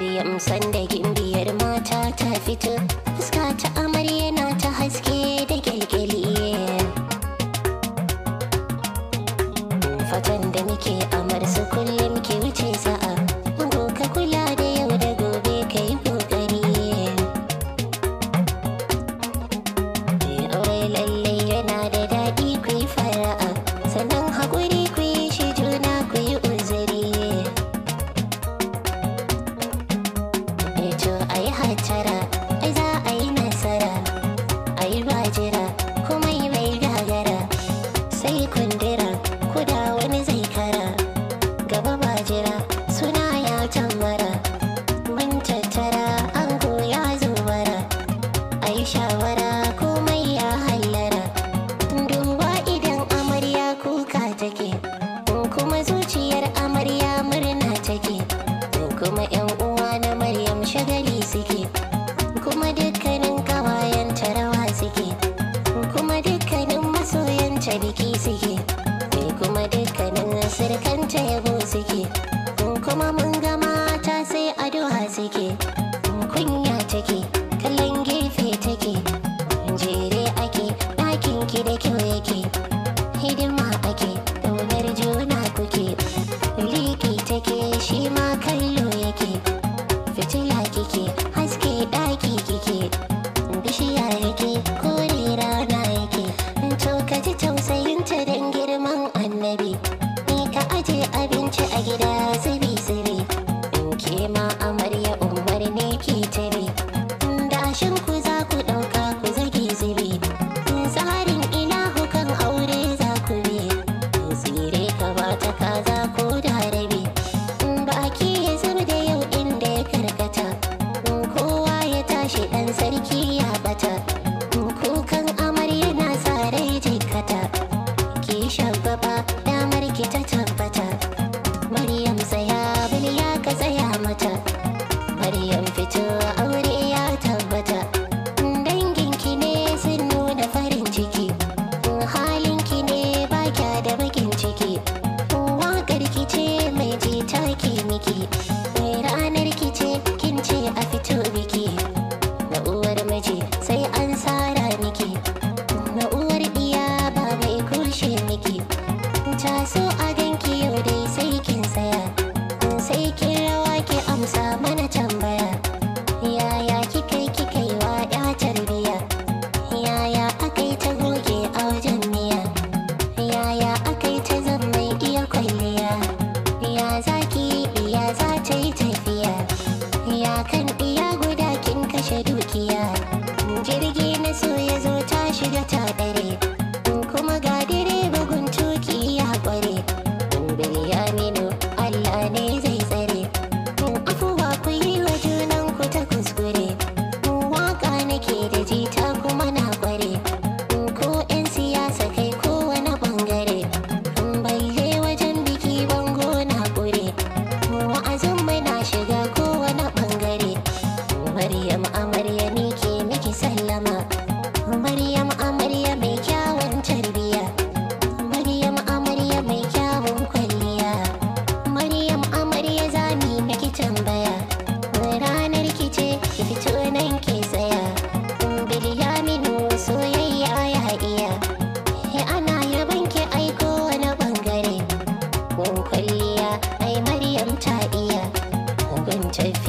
maryam sanda gimbiyar mata ta fito fuska ta amaryana na ta haske baby, key. ji tausayinta don girman annabi eat.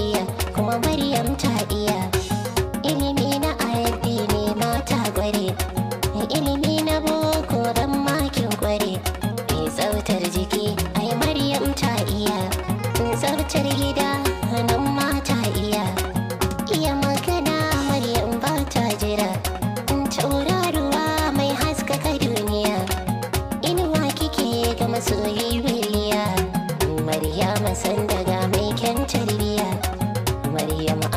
iya kuma maryam ta iya Марье.